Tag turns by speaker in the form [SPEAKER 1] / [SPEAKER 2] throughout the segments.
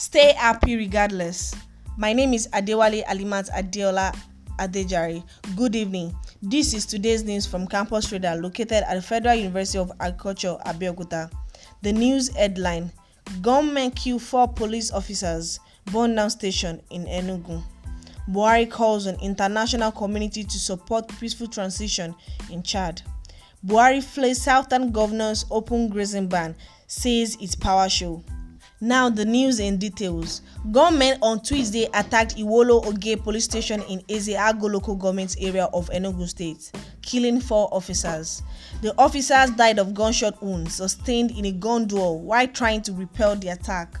[SPEAKER 1] Stay happy regardless. My name is Adewale Alimat Adeola Adejari. Good evening. This is today's news from Campus Radar located at the Federal University of Agriculture, Abeokuta. The news headline Government kill four police officers, burn down station in Enugu. Buhari calls on international community to support peaceful transition in Chad. Buhari flays Southern governors open grazing ban, says it's power show. Now the news in details. Gunmen on Tuesday attacked Iwolo Oge police station in Ezeago local government area of Enugu state, killing four officers. The officers died of gunshot wounds sustained in a gun duel while trying to repel the attack.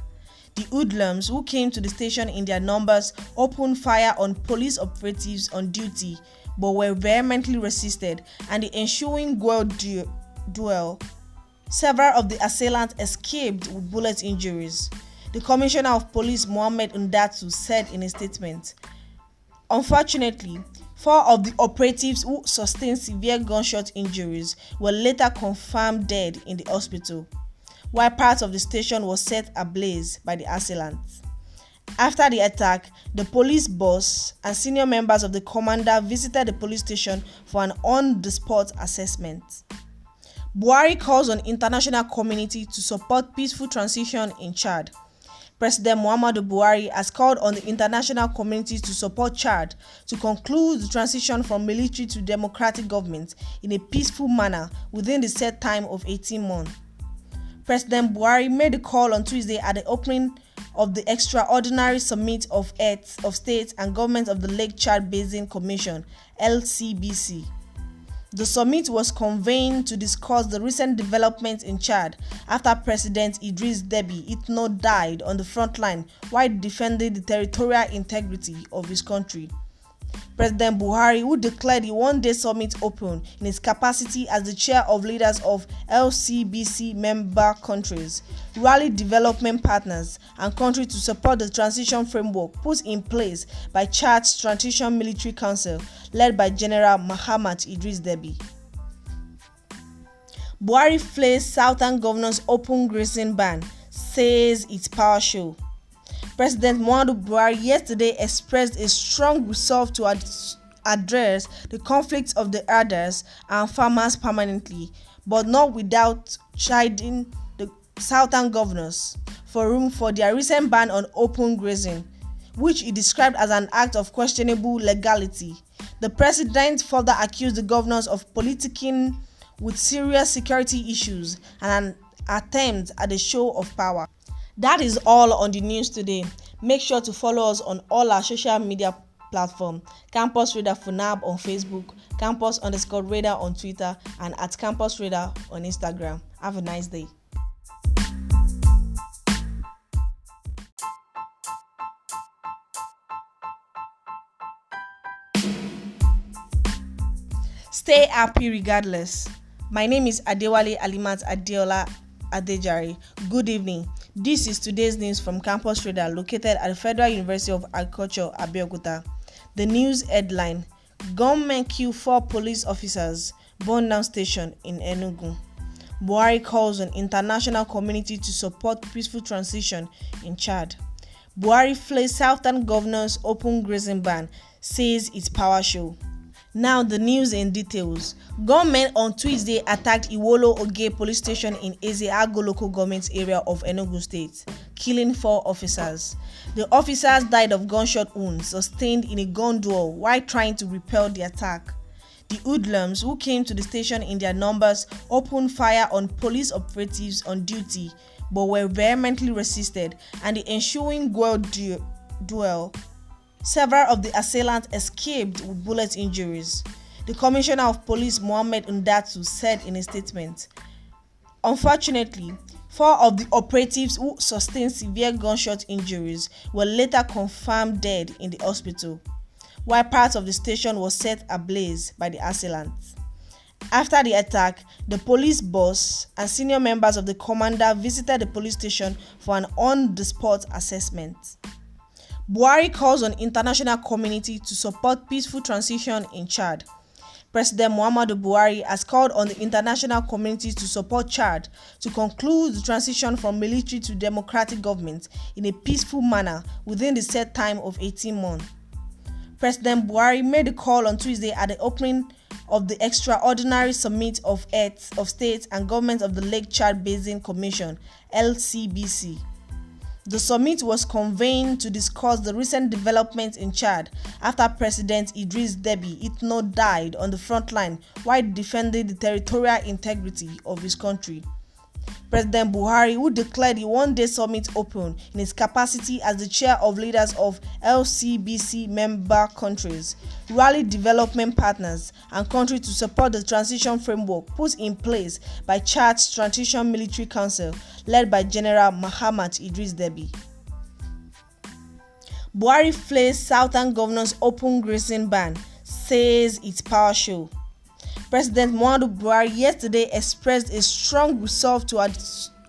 [SPEAKER 1] The hoodlums who came to the station in their numbers opened fire on police operatives on duty but were vehemently resisted and the ensuing gun duel Several of the assailants escaped with bullet injuries. The Commissioner of Police Mohamed Undatu said in a statement. Unfortunately, four of the operatives who sustained severe gunshot injuries were later confirmed dead in the hospital, while part of the station was set ablaze by the assailants. After the attack, the police boss and senior members of the commander visited the police station for an on the spot assessment. Buhari calls on international community to support peaceful transition in Chad. President Muhammadu Buhari has called on the international community to support Chad to conclude the transition from military to democratic government in a peaceful manner within the set time of 18 months. President Buhari made the call on Tuesday at the opening of the extraordinary summit of heads of states and governments of the Lake Chad Basin Commission (LCBC). The summit was convened to discuss the recent developments in Chad after President Idris Deby Itno died on the front line while defending the territorial integrity of his country. President Buhari, who declared the one day summit open in his capacity as the chair of leaders of LCBC member countries, rallied development partners and countries to support the transition framework put in place by Chad's Transition Military Council, led by General Mahamat Idris Deby. Buhari flays Southern governors' open grazing ban, says it's partial. President Muhammadu Buhari yesterday expressed a strong resolve to ad- address the conflict of the herders and farmers permanently, but not without chiding the southern governors for room for their recent ban on open grazing, which he described as an act of questionable legality. The president further accused the governors of politicking with serious security issues and an attempt at a show of power. That is all on the news today. Make sure to follow us on all our social media platform campus radar funab on facebook campus underscore radar on twitter and at campus radar on instagram have a nice day stay happy regardless my name is adewale alimat adeola adejari good evening This is today's news from Campus Radar located at Federal University of Agriculture, Abeokuta. The news headline Government kill four police officers, burn down station in Enugu. Buhari calls on international community to support peaceful transition in Chad. Buhari flays Southern governors open grazing ban, says it's power show. Now the news in details. Gunmen on Tuesday attacked Iwolo Oge police station in Ezeago local government area of Enugu state, killing four officers. The officers died of gunshot wounds sustained in a gun duel while trying to repel the attack. The hoodlums who came to the station in their numbers opened fire on police operatives on duty but were vehemently resisted and the ensuing gun duel Several of the assailants escaped with bullet injuries. The Commissioner of Police Mohamed Undatu said in a statement, Unfortunately, four of the operatives who sustained severe gunshot injuries were later confirmed dead in the hospital, while part of the station was set ablaze by the assailants. After the attack, the police boss and senior members of the commander visited the police station for an on the spot assessment. Buhari calls on international community to support peaceful transition in Chad. President Muhammadu Buhari has called on the international community to support Chad to conclude the transition from military to democratic government in a peaceful manner within the set time of 18 months. President Buhari made the call on Tuesday at the opening of the extraordinary summit of heads of state and governments of the Lake Chad Basin Commission (LCBC). The summit was convened to discuss the recent developments in Chad after President Idris Deby Itno died on the front line while defending the territorial integrity of his country. President Buhari, who declared the one day summit open in his capacity as the chair of leaders of LCBC member countries, rallied development partners and countries to support the transition framework put in place by Chad's Transition Military Council, led by General Mahamat Idris Deby. Buhari flays Southern governors' open grazing ban, says it's partial. President Muhammadu Buhari yesterday expressed a strong resolve to ad-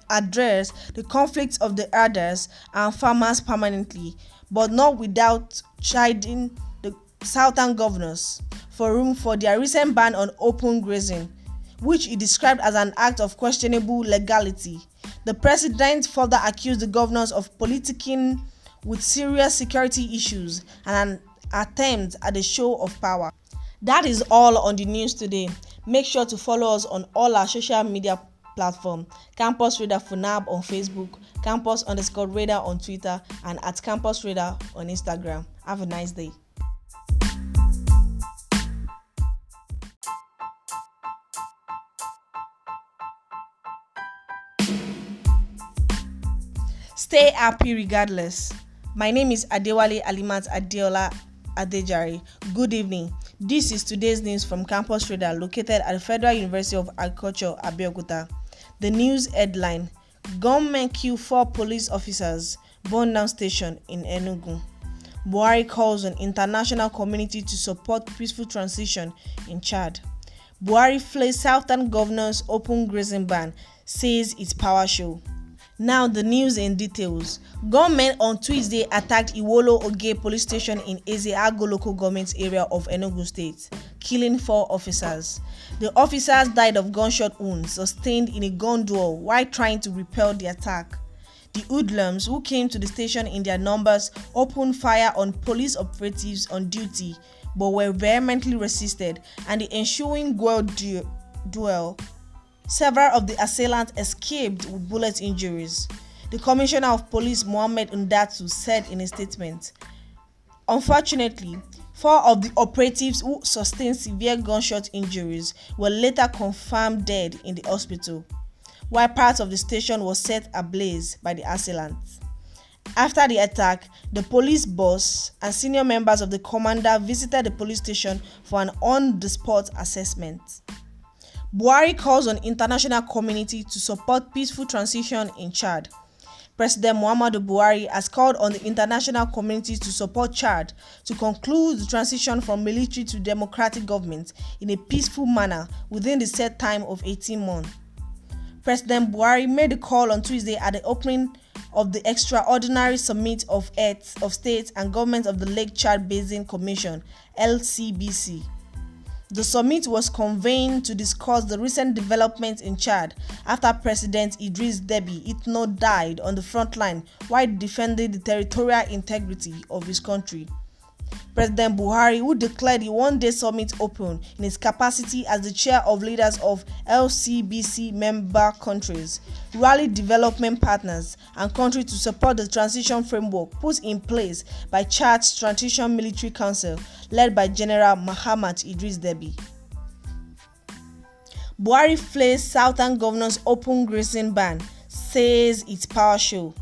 [SPEAKER 1] address the conflict of the herders and farmers permanently, but not without chiding the southern governors for room for their recent ban on open grazing, which he described as an act of questionable legality. The president further accused the governors of politicking with serious security issues and an attempt at a show of power. That is all on the news today. Make sure to follow us on all our social media platform campus radar funab on facebook campus underscore radar on twitter and at campus radar on instagram have a nice day stay happy regardless my name is adewale alimat adeola adejari good evening This is today's news from Campus Radar located at the Federal University of Agriculture, Abeokuta. The news headline Government kill four police officers, burn down station in Enugu. Buhari calls on international community to support peaceful transition in Chad. Buhari flays Southern governors open grazing ban, says it's power show. Now the news in details. Gunmen on Tuesday attacked Iwolo Oge police station in Ezeago local government area of Enugu state, killing four officers. The officers died of gunshot wounds sustained in a gun duel while trying to repel the attack. The hoodlums who came to the station in their numbers opened fire on police operatives on duty but were vehemently resisted and the ensuing gun duel Several of the assailants escaped with bullet injuries. The Commissioner of Police Mohamed Ndatu said in a statement, Unfortunately, Four of the operatives who sustained severe gunshot injuries were later confirmed dead in the hospital, while part of the station was set ablaze by the assailants. After the attack, the police boss and senior members of the commander visited the police station for an on the spot assessment. Buhari calls on international community to support peaceful transition in Chad. President Muhammadu Buhari has called on the international community to support Chad to conclude the transition from military to democratic government in a peaceful manner within the set time of 18 months. President Buhari made the call on Tuesday at the opening of the extraordinary summit of heads of states and governments of the Lake Chad Basin Commission (LCBC). The summit was convened to discuss the recent developments in Chad after President Idriss Deby Itno died on the front line while defending the territorial integrity of his country. President Buhari, who declared the one day summit open in his capacity as the chair of leaders of LCBC member countries, rallied development partners and countries to support the transition framework put in place by Chad's Transition Military Council, led by General Mahamat Idris Deby. Buhari flays Southern governors' open grazing ban, says it's power show.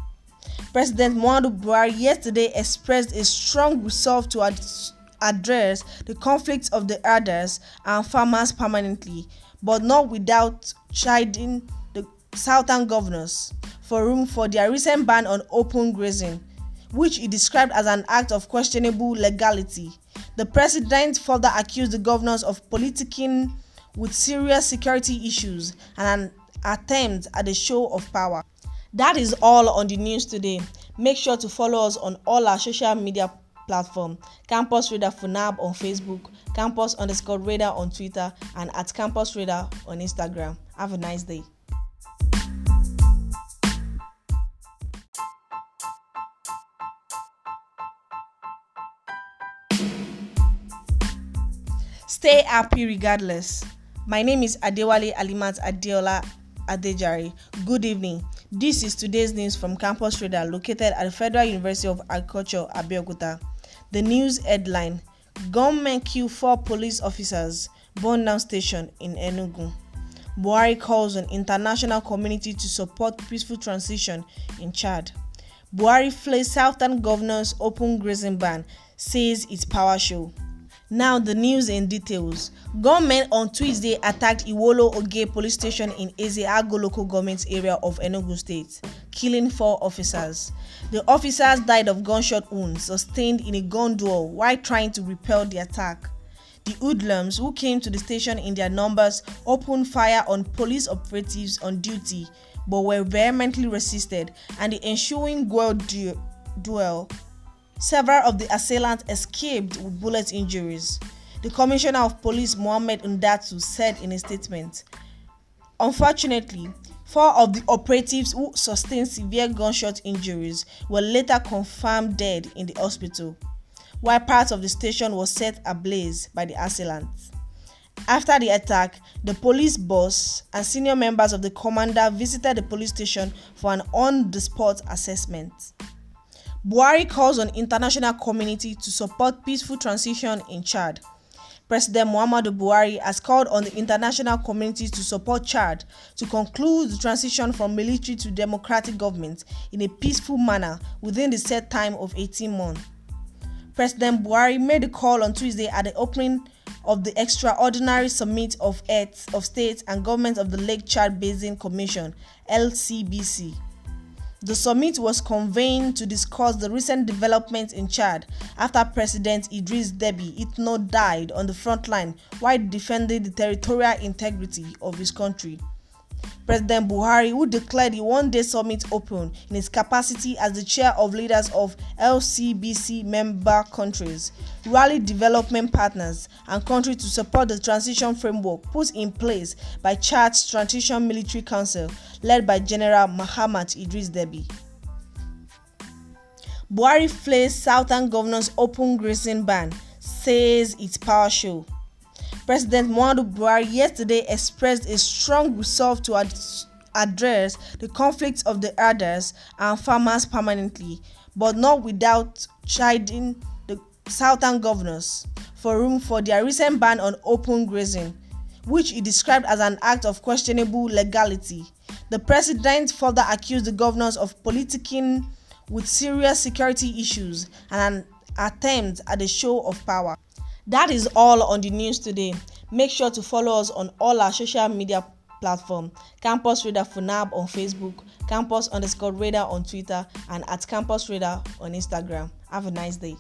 [SPEAKER 1] President Muhammadu Buhari yesterday expressed a strong resolve to ad- address the conflict of the herders and farmers permanently, but not without chiding the southern governors for room for their recent ban on open grazing, which he described as an act of questionable legality. The president further accused the governors of politicking with serious security issues and an attempt at a show of power. That is all on the news today. Make sure to follow us on all our social media platform campus radar funab on facebook campus underscore radar on twitter and at campus radar on instagram have a nice day stay happy regardless my name is adewale alimat adeola adejari good evening This is today's news from Campus Radar located at Federal University of Agriculture, Abeokuta. The news headline Government kill four police officers, burn down station in Enugu. Buhari calls on international community to support peaceful transition in Chad. Buhari flays Southern governors open grazing ban, says it's power show. Now the news and details. Gunmen on Tuesday attacked Iwolo Oge police station in Ezeago local government area of Enugu state, killing four officers. The officers died of gunshot wounds sustained in a gun duel while trying to repel the attack. The hoodlums who came to the station in their numbers opened fire on police operatives on duty but were vehemently resisted and the ensuing gun duel Several of the assailants escaped with bullet injuries. The Commissioner of Police Mohamed Ndatu said in a statement. Unfortunately, four of the operatives who sustained severe gunshot injuries were later confirmed dead in the hospital, while part of the station was set ablaze by the assailants. After the attack, the police boss and senior members of the commander visited the police station for an on the spot assessment. Buhari calls on international community to support peaceful transition in Chad. President Muhammadu Buhari has called on the international community to support Chad to conclude the transition from military to democratic government in a peaceful manner within the set time of 18 months. President Buhari made the call on Tuesday at the opening of the extraordinary summit of heads of states and governments of the Lake Chad Basin Commission (LCBC). The summit was convened to discuss the recent developments in Chad after President Idris Deby Itno died on the front line while defending the territorial integrity of his country. President Buhari, who declared the one day summit open in his capacity as the chair of leaders of LCBC member countries, rallied development partners and countries to support the transition framework put in place by Chad's Transition Military Council, led by General Mahamat Idris Deby. Buhari flays Southern governors' open grazing ban, says it's partial. President Muhammadu Buhari yesterday expressed a strong resolve to ad- address the conflict of the herders and farmers permanently, but not without chiding the southern governors for room for their recent ban on open grazing, which he described as an act of questionable legality. The president further accused the governors of politicking with serious security issues and an attempt at a show of power. That is all on the news today. Make sure to follow us on all our social media platform campus radar funab on facebook campus underscore radar on twitter and at campus radar on instagram have a nice day